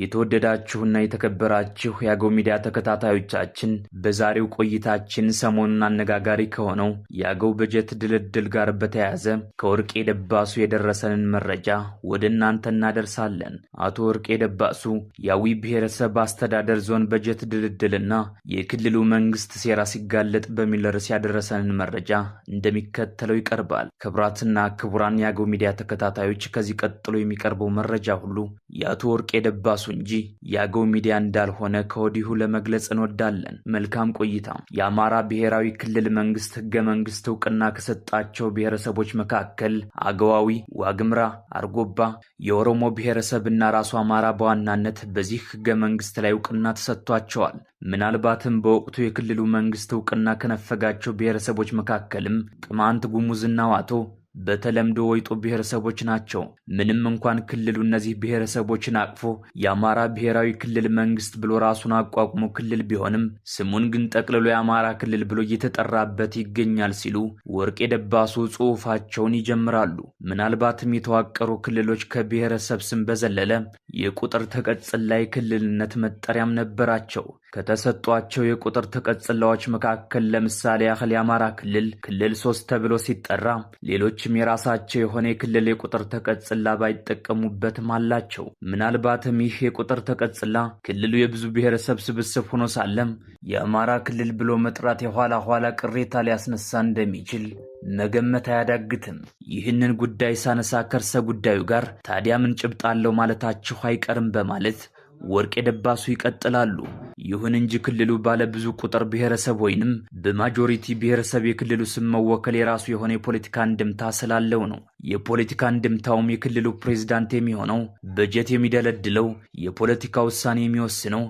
የተወደዳችሁና የተከበራችሁ የአገው ሚዲያ ተከታታዮቻችን በዛሬው ቆይታችን ሰሞኑን አነጋጋሪ ከሆነው የአገው በጀት ድልድል ጋር በተያያዘ ከወርቄ ደባሱ የደረሰንን መረጃ ወደ እናንተ እናደርሳለን። አቶ ወርቄ ደባሱ የአዊ ብሔረሰብ አስተዳደር ዞን በጀት ድልድልና የክልሉ መንግስት ሴራ ሲጋለጥ በሚል ርዕስ ያደረሰንን መረጃ እንደሚከተለው ይቀርባል። ክቡራትና ክቡራን የአገው ሚዲያ ተከታታዮች ከዚህ ቀጥሎ የሚቀርበው መረጃ ሁሉ የአቶ ወርቄ ደባሱ ራሱ እንጂ የአገው ሚዲያ እንዳልሆነ ከወዲሁ ለመግለጽ እንወዳለን። መልካም ቆይታ። የአማራ ብሔራዊ ክልል መንግስት ህገ መንግስት እውቅና ከሰጣቸው ብሔረሰቦች መካከል አገዋዊ፣ ዋግምራ፣ አርጎባ፣ የኦሮሞ ብሔረሰብና ራሱ አማራ በዋናነት በዚህ ህገ መንግስት ላይ እውቅና ተሰጥቷቸዋል። ምናልባትም በወቅቱ የክልሉ መንግስት እውቅና ከነፈጋቸው ብሔረሰቦች መካከልም ቅማንት፣ ጉሙዝና ዋቶ በተለምዶ ወይጦ ብሔረሰቦች ናቸው። ምንም እንኳን ክልሉ እነዚህ ብሔረሰቦችን አቅፎ የአማራ ብሔራዊ ክልል መንግስት ብሎ ራሱን አቋቁሞ ክልል ቢሆንም ስሙን ግን ጠቅልሎ የአማራ ክልል ብሎ እየተጠራበት ይገኛል ሲሉ ወርቅ የደባሱ ጽሑፋቸውን ይጀምራሉ። ምናልባትም የተዋቀሩ ክልሎች ከብሔረሰብ ስም በዘለለ የቁጥር ተቀጽል ላይ ክልልነት መጠሪያም ነበራቸው። ከተሰጧቸው የቁጥር ተቀጽላዎች መካከል ለምሳሌ ያህል የአማራ ክልል ክልል ሶስት ተብሎ ሲጠራ ሌሎችም የራሳቸው የሆነ የክልል የቁጥር ተቀጽላ ባይጠቀሙበትም አላቸው። ምናልባትም ይህ የቁጥር ተቀጽላ ክልሉ የብዙ ብሔረሰብ ስብስብ ሆኖ ሳለም የአማራ ክልል ብሎ መጥራት የኋላ ኋላ ቅሬታ ሊያስነሳ እንደሚችል መገመት አያዳግትም። ይህንን ጉዳይ ሳነሳ ከርሰ ጉዳዩ ጋር ታዲያ ምን ጭብጥ አለው ማለታችሁ አይቀርም በማለት ወርቅ የደባሱ ይቀጥላሉ። ይሁን እንጂ ክልሉ ባለ ብዙ ቁጥር ብሔረሰብ ወይንም በማጆሪቲ ብሔረሰብ የክልሉ ስም መወከል የራሱ የሆነ የፖለቲካ አንድምታ ስላለው ነው። የፖለቲካ አንድምታውም የክልሉ ፕሬዝዳንት የሚሆነው በጀት የሚደለድለው፣ የፖለቲካ ውሳኔ የሚወስነው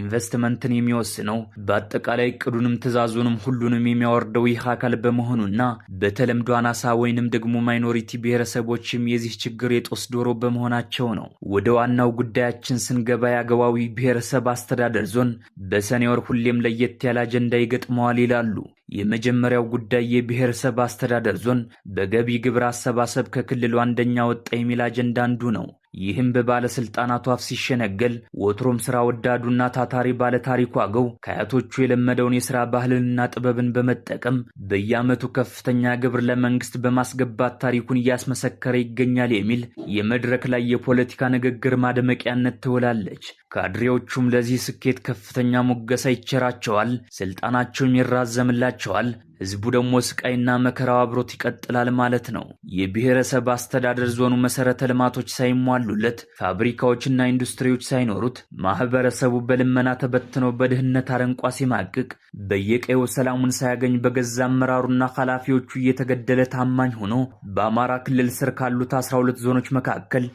ኢንቨስትመንትን የሚወስነው በአጠቃላይ እቅዱንም ትዕዛዙንም ሁሉንም የሚያወርደው ይህ አካል በመሆኑና በተለምዶ አናሳ ወይንም ደግሞ ማይኖሪቲ ብሔረሰቦችም የዚህ ችግር የጦስ ዶሮ በመሆናቸው ነው። ወደ ዋናው ጉዳያችን ስንገባ የአገባዊ ብሔረሰብ አስተዳደር ዞን በሰኔ ወር ሁሌም ለየት ያለ አጀንዳ ይገጥመዋል ይላሉ። የመጀመሪያው ጉዳይ የብሔረሰብ አስተዳደር ዞን በገቢ ግብር አሰባሰብ ከክልሉ አንደኛ ወጣ የሚል አጀንዳ አንዱ ነው። ይህም በባለስልጣናቱ አፍ ሲሸነገል ወትሮም ስራ ወዳዱና ታታሪ ባለታሪኩ አገው ከአያቶቹ የለመደውን የሥራ ባህልንና ጥበብን በመጠቀም በየዓመቱ ከፍተኛ ግብር ለመንግስት በማስገባት ታሪኩን እያስመሰከረ ይገኛል የሚል የመድረክ ላይ የፖለቲካ ንግግር ማደመቂያነት ትውላለች። ካድሬዎቹም ለዚህ ስኬት ከፍተኛ ሙገሳ ይቸራቸዋል፣ ስልጣናቸውም ይራዘምላቸዋል። ህዝቡ ደግሞ ስቃይና መከራው አብሮት ይቀጥላል ማለት ነው። የብሔረሰብ አስተዳደር ዞኑ መሰረተ ልማቶች ሳይሟሉለት፣ ፋብሪካዎችና ኢንዱስትሪዎች ሳይኖሩት፣ ማህበረሰቡ በልመና ተበትኖ በድህነት አረንቋ ሲማቅቅ፣ በየቀዩ ሰላሙን ሳያገኝ በገዛ አመራሩና ኃላፊዎቹ እየተገደለ ታማኝ ሆኖ በአማራ ክልል ስር ካሉት 12 ዞኖች መካከል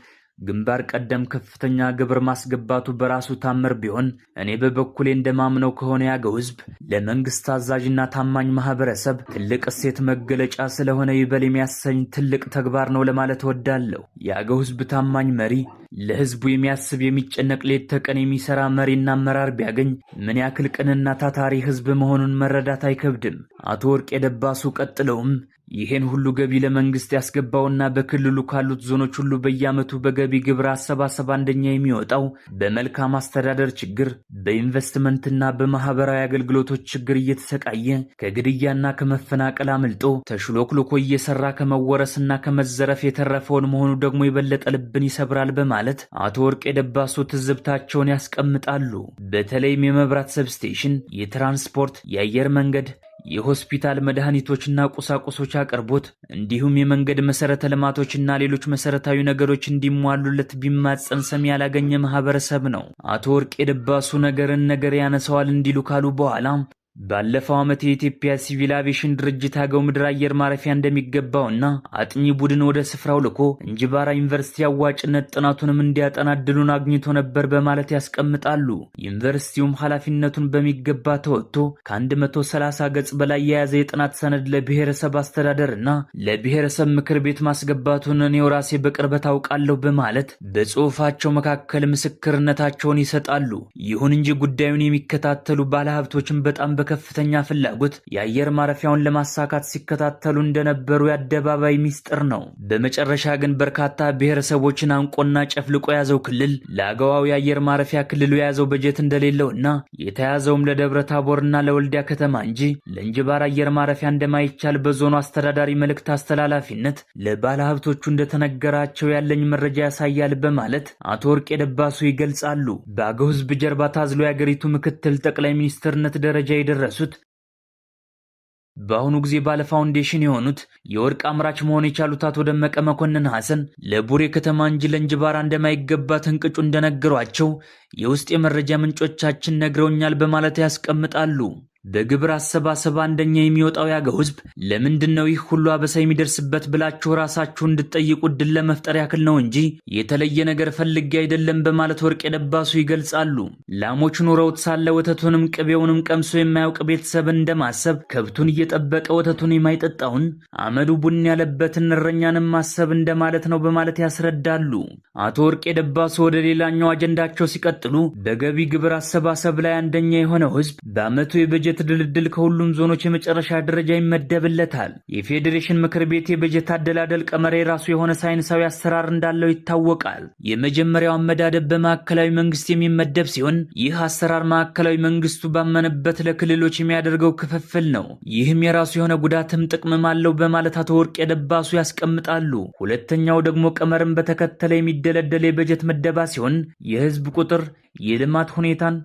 ግንባር ቀደም ከፍተኛ ግብር ማስገባቱ በራሱ ታምር ቢሆን እኔ በበኩሌ እንደማምነው ከሆነ ያገው ህዝብ ለመንግስት አዛዥና ታማኝ ማህበረሰብ ትልቅ እሴት መገለጫ ስለሆነ ይበል የሚያሰኝ ትልቅ ተግባር ነው ለማለት እወዳለሁ። የአገው ህዝብ ታማኝ መሪ፣ ለሕዝቡ የሚያስብ የሚጨነቅ፣ ሌት ተቀን የሚሰራ መሪና አመራር ቢያገኝ ምን ያክል ቅንና ታታሪ ሕዝብ መሆኑን መረዳት አይከብድም። አቶ ወርቄ ደባሱ ቀጥለውም ይህን ሁሉ ገቢ ለመንግስት ያስገባውና በክልሉ ካሉት ዞኖች ሁሉ በየዓመቱ በገቢ ግብር አሰባሰብ አንደኛ የሚወጣው በመልካም አስተዳደር ችግር፣ በኢንቨስትመንትና በማህበራዊ አገልግሎቶች ችግር እየተሰቃየ ከግድያና ከመፈናቀል አምልጦ ተሽሎክልኮ እየሰራ ከመወረስና ከመዘረፍ የተረፈውን መሆኑ ደግሞ የበለጠ ልብን ይሰብራል በማለት አቶ ወርቅ የደባሶ ትዝብታቸውን ያስቀምጣሉ። በተለይም የመብራት ሰብስቴሽን፣ የትራንስፖርት፣ የአየር መንገድ የሆስፒታል መድኃኒቶችና ቁሳቁሶች አቅርቦት እንዲሁም የመንገድ መሰረተ ልማቶችና ሌሎች መሰረታዊ ነገሮች እንዲሟሉለት ቢማጸን ሰሚ ያላገኘ ማህበረሰብ ነው። አቶ ወርቄ ድባሱ ነገርን ነገር ያነሰዋል እንዲሉ ካሉ በኋላ ባለፈው ዓመት የኢትዮጵያ ሲቪል አቪሽን ድርጅት አገው ምድር አየር ማረፊያ እንደሚገባውና አጥኚ ቡድን ወደ ስፍራው ልኮ እንጅባራ ዩኒቨርሲቲ አዋጭነት ጥናቱንም እንዲያጠና እድሉን አግኝቶ ነበር በማለት ያስቀምጣሉ። ዩኒቨርሲቲውም ኃላፊነቱን በሚገባ ተወጥቶ ከ130 ገጽ በላይ የያዘ የጥናት ሰነድ ለብሔረሰብ አስተዳደርና ለብሔረሰብ ምክር ቤት ማስገባቱን እኔው ራሴ በቅርበት አውቃለሁ በማለት በጽሑፋቸው መካከል ምስክርነታቸውን ይሰጣሉ። ይሁን እንጂ ጉዳዩን የሚከታተሉ ባለሀብቶችን በጣም በከፍተኛ ፍላጎት የአየር ማረፊያውን ለማሳካት ሲከታተሉ እንደነበሩ የአደባባይ ሚስጥር ነው። በመጨረሻ ግን በርካታ ብሔረሰቦችን አንቆና ጨፍልቆ የያዘው ክልል ለአገዋው የአየር ማረፊያ ክልሉ የያዘው በጀት እንደሌለውና የተያዘውም ለደብረ ታቦርና ለወልዲያ ከተማ እንጂ ለእንጅባር አየር ማረፊያ እንደማይቻል በዞኑ አስተዳዳሪ መልእክት አስተላላፊነት ለባለሀብቶቹ እንደተነገራቸው ያለኝ መረጃ ያሳያል በማለት አቶ ወርቄ ደባሱ ይገልጻሉ። በአገው ሕዝብ ጀርባ ታዝሎ የአገሪቱ ምክትል ጠቅላይ ሚኒስትርነት ደረጃ የደረሱት በአሁኑ ጊዜ ባለ ፋውንዴሽን የሆኑት የወርቅ አምራች መሆን የቻሉት አቶ ደመቀ መኮንን ሐሰን ለቡሬ ከተማ እንጂ ለእንጅባራ እንደማይገባ እንቅጩ እንደነገሯቸው የውስጥ የመረጃ ምንጮቻችን ነግረውኛል በማለት ያስቀምጣሉ። በግብር አሰባሰብ አንደኛ የሚወጣው ያገው ህዝብ ለምንድን ነው ይህ ሁሉ አበሳ የሚደርስበት ብላችሁ ራሳችሁ እንድትጠይቁ እድል ለመፍጠር ያክል ነው እንጂ የተለየ ነገር ፈልጌ አይደለም በማለት ወርቅ የደባሱ ይገልጻሉ። ላሞች ኑረውት ሳለ ወተቱንም ቅቤውንም ቀምሶ የማያውቅ ቤተሰብን እንደማሰብ ከብቱን እየጠበቀ ወተቱን የማይጠጣውን አመዱ ቡን ያለበትን እረኛንም ማሰብ እንደማለት ነው በማለት ያስረዳሉ። አቶ ወርቅ የደባሱ ወደ ሌላኛው አጀንዳቸው ሲቀጥሉ በገቢ ግብር አሰባሰብ ላይ አንደኛ የሆነው ህዝብ በአመቱ የበጀ የበጀት ድልድል ከሁሉም ዞኖች የመጨረሻ ደረጃ ይመደብለታል። የፌዴሬሽን ምክር ቤት የበጀት አደላደል ቀመር የራሱ የሆነ ሳይንሳዊ አሰራር እንዳለው ይታወቃል። የመጀመሪያው አመዳደብ በማዕከላዊ መንግስት የሚመደብ ሲሆን ይህ አሰራር ማዕከላዊ መንግስቱ ባመነበት ለክልሎች የሚያደርገው ክፍፍል ነው። ይህም የራሱ የሆነ ጉዳትም ጥቅምም አለው በማለት አቶ ወርቅ የደባሱ ያስቀምጣሉ። ሁለተኛው ደግሞ ቀመርን በተከተለ የሚደለደል የበጀት ምደባ ሲሆን የህዝብ ቁጥር የልማት ሁኔታን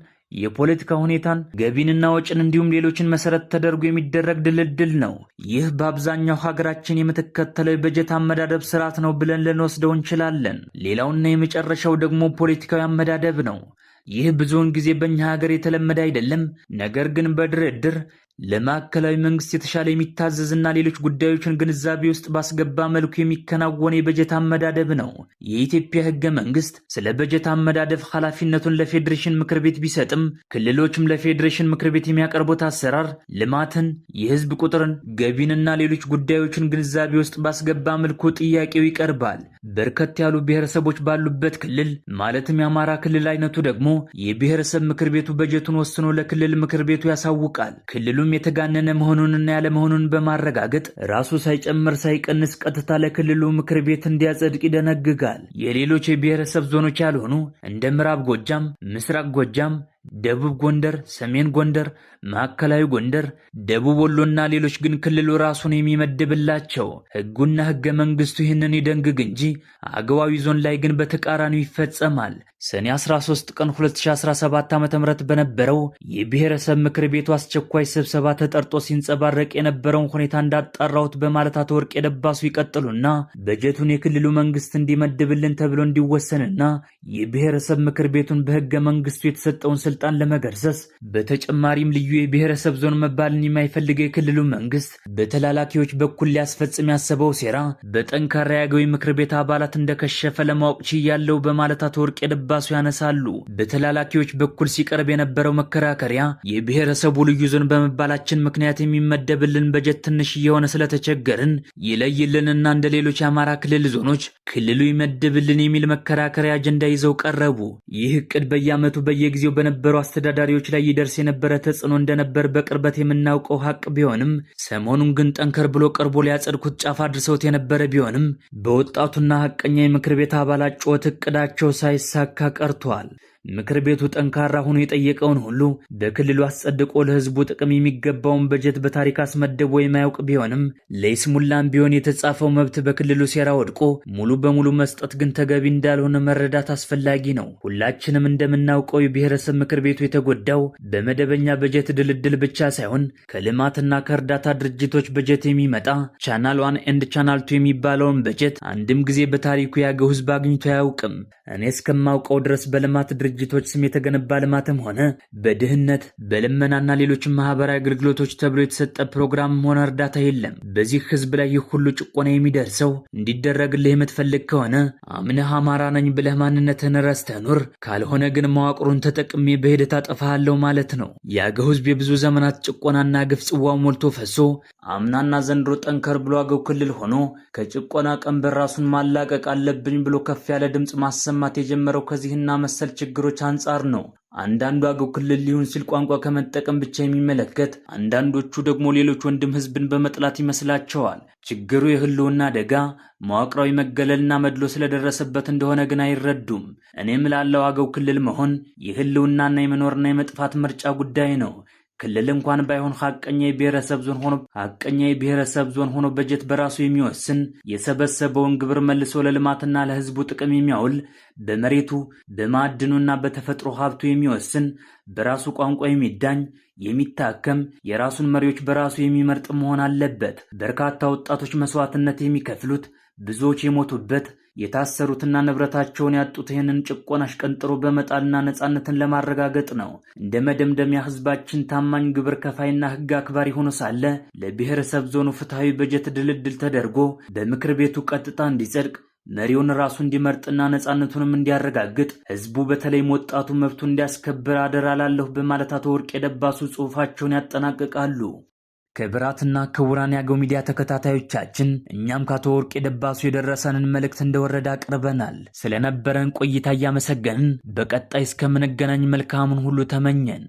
የፖለቲካ ሁኔታን፣ ገቢንና ወጭን እንዲሁም ሌሎችን መሰረት ተደርጎ የሚደረግ ድልድል ነው። ይህ በአብዛኛው ሀገራችን የምትከተለው የበጀት አመዳደብ ስርዓት ነው ብለን ልንወስደው እንችላለን። ሌላውና የመጨረሻው ደግሞ ፖለቲካዊ አመዳደብ ነው። ይህ ብዙውን ጊዜ በእኛ ሀገር የተለመደ አይደለም። ነገር ግን በድርድር ለማዕከላዊ መንግስት የተሻለ የሚታዘዝና ሌሎች ጉዳዮችን ግንዛቤ ውስጥ ባስገባ መልኩ የሚከናወን የበጀት አመዳደብ ነው። የኢትዮጵያ ህገ መንግስት ስለ በጀት አመዳደብ ኃላፊነቱን ለፌዴሬሽን ምክር ቤት ቢሰጥም ክልሎችም ለፌዴሬሽን ምክር ቤት የሚያቀርቡት አሰራር ልማትን፣ የህዝብ ቁጥርን፣ ገቢንና ሌሎች ጉዳዮችን ግንዛቤ ውስጥ ባስገባ መልኩ ጥያቄው ይቀርባል። በርከት ያሉ ብሔረሰቦች ባሉበት ክልል ማለትም የአማራ ክልል አይነቱ ደግሞ የብሔረሰብ ምክር ቤቱ በጀቱን ወስኖ ለክልል ምክር ቤቱ ያሳውቃል። ክልሉ መጠኑም የተጋነነ መሆኑንና ያለመሆኑን በማረጋገጥ ራሱ ሳይጨምር ሳይቀንስ ቀጥታ ለክልሉ ምክር ቤት እንዲያጸድቅ ይደነግጋል። የሌሎች የብሔረሰብ ዞኖች ያልሆኑ እንደ ምዕራብ ጎጃም፣ ምስራቅ ጎጃም ደቡብ ጎንደር፣ ሰሜን ጎንደር፣ ማዕከላዊ ጎንደር፣ ደቡብ ወሎና ሌሎች ግን ክልሉ ራሱን የሚመድብላቸው ሕጉና ሕገ መንግስቱ ይህንን ይደንግግ እንጂ አገባዊ ዞን ላይ ግን በተቃራኒው ይፈጸማል። ሰኔ 13 ቀን 2017 ዓ ም በነበረው የብሔረሰብ ምክር ቤቱ አስቸኳይ ስብሰባ ተጠርጦ ሲንጸባረቅ የነበረውን ሁኔታ እንዳጣራሁት በማለት አቶ ወርቄ ይቀጥሉና በጀቱን የክልሉ መንግስት እንዲመድብልን ተብሎ እንዲወሰንና የብሔረሰብ ምክር ቤቱን በሕገ መንግስቱ የተሰጠውን ስልጣን ለመገርሰስ በተጨማሪም ልዩ የብሔረሰብ ዞን መባልን የማይፈልገ የክልሉ መንግስት በተላላኪዎች በኩል ሊያስፈጽም ያሰበው ሴራ በጠንካራ የአገዊ ምክር ቤት አባላት እንደከሸፈ ለማወቅ ችያለሁ በማለት አቶ ወርቄ ደባሱ ያነሳሉ። በተላላኪዎች በኩል ሲቀርብ የነበረው መከራከሪያ የብሔረሰቡ ልዩ ዞን በመባላችን ምክንያት የሚመደብልን በጀት ትንሽ እየሆነ ስለተቸገርን ይለይልንና እንደ ሌሎች የአማራ ክልል ዞኖች ክልሉ ይመድብልን የሚል መከራከሪያ አጀንዳ ይዘው ቀረቡ። ይህ እቅድ በየዓመቱ በየጊዜው በነበ በነበሩ አስተዳዳሪዎች ላይ ይደርስ የነበረ ተጽዕኖ እንደነበር በቅርበት የምናውቀው ሀቅ ቢሆንም ሰሞኑን ግን ጠንከር ብሎ ቀርቦ ሊያጸድኩት ጫፍ አድርሰውት የነበረ ቢሆንም በወጣቱና ሀቀኛ የምክር ቤት አባላት ጩኸት እቅዳቸው ሳይሳካ ቀርቷል። ምክር ቤቱ ጠንካራ ሆኖ የጠየቀውን ሁሉ በክልሉ አስጸድቆ ለህዝቡ ጥቅም የሚገባውን በጀት በታሪክ አስመድቦ የማያውቅ ቢሆንም ለይስሙላም ቢሆን የተጻፈው መብት በክልሉ ሴራ ወድቆ ሙሉ በሙሉ መስጠት ግን ተገቢ እንዳልሆነ መረዳት አስፈላጊ ነው። ሁላችንም እንደምናውቀው የብሔረሰብ ምክር ቤቱ የተጎዳው በመደበኛ በጀት ድልድል ብቻ ሳይሆን ከልማትና ከእርዳታ ድርጅቶች በጀት የሚመጣ ቻናል ዋን ኤንድ ቻናል ቱ የሚባለውን በጀት አንድም ጊዜ በታሪኩ ያገው ህዝብ አግኝቶ አያውቅም። እኔ እስከማውቀው ድረስ በልማት ድርጅ ድርጅቶች ስም የተገነባ ልማትም ሆነ በድህነት በልመናና ሌሎችም ማህበራዊ አገልግሎቶች ተብሎ የተሰጠ ፕሮግራምም ሆነ እርዳታ የለም። በዚህ ህዝብ ላይ ይህ ሁሉ ጭቆና የሚደርሰው እንዲደረግልህ የምትፈልግ ከሆነ አምነህ አማራ ነኝ ብለህ ማንነትህን ረስተህ ኑር፣ ካልሆነ ግን መዋቅሩን ተጠቅሜ በሂደት አጠፋሃለሁ ማለት ነው። የአገው ህዝብ የብዙ ዘመናት ጭቆናና ግፍ ጽዋው ሞልቶ ፈሶ አምናና ዘንድሮ ጠንከር ብሎ አገው ክልል ሆኖ ከጭቆና ቀንበር ራሱን ማላቀቅ አለብኝ ብሎ ከፍ ያለ ድምፅ ማሰማት የጀመረው ከዚህና መሰል ችግሮ ነገሮች አንጻር ነው። አንዳንዱ አገው ክልል ሊሆን ሲል ቋንቋ ከመጠቀም ብቻ የሚመለከት፣ አንዳንዶቹ ደግሞ ሌሎች ወንድም ህዝብን በመጥላት ይመስላቸዋል። ችግሩ የህልውና አደጋ መዋቅራዊ መገለልና መድሎ ስለደረሰበት እንደሆነ ግን አይረዱም። እኔም ላለው አገው ክልል መሆን የህልውናና የመኖርና የመጥፋት ምርጫ ጉዳይ ነው። ክልል እንኳን ባይሆን ሀቀኛ የብሔረሰብ ዞን ሆኖ ሀቀኛ የብሔረሰብ ዞን ሆኖ በጀት በራሱ የሚወስን የሰበሰበውን ግብር መልሶ ለልማትና ለሕዝቡ ጥቅም የሚያውል በመሬቱ በማዕድኑና በተፈጥሮ ሀብቱ የሚወስን በራሱ ቋንቋ የሚዳኝ የሚታከም የራሱን መሪዎች በራሱ የሚመርጥ መሆን አለበት። በርካታ ወጣቶች መስዋዕትነት የሚከፍሉት ብዙዎች የሞቱበት የታሰሩትና ንብረታቸውን ያጡት ይህንን ጭቆን አሽቀንጥሮ በመጣልና ነፃነትን ለማረጋገጥ ነው። እንደ መደምደሚያ ህዝባችን ታማኝ ግብር ከፋይና ህግ አክባሪ ሆኖ ሳለ ለብሔረሰብ ዞኑ ፍትሐዊ በጀት ድልድል ተደርጎ በምክር ቤቱ ቀጥታ እንዲጸድቅ መሪውን ራሱ እንዲመርጥና ነፃነቱንም እንዲያረጋግጥ ህዝቡ በተለይም ወጣቱ መብቱ እንዲያስከብር አደራ ላለሁ በማለት አቶ ጽሑፋቸውን ያጠናቅቃሉ። ክብራትና ክቡራን ያገው ሚዲያ ተከታታዮቻችን እኛም ከአቶ ወርቅ የደባሱ የደረሰንን መልእክት እንደወረደ አቅርበናል። ስለነበረን ቆይታ እያመሰገንን በቀጣይ እስከምንገናኝ መልካሙን ሁሉ ተመኘን።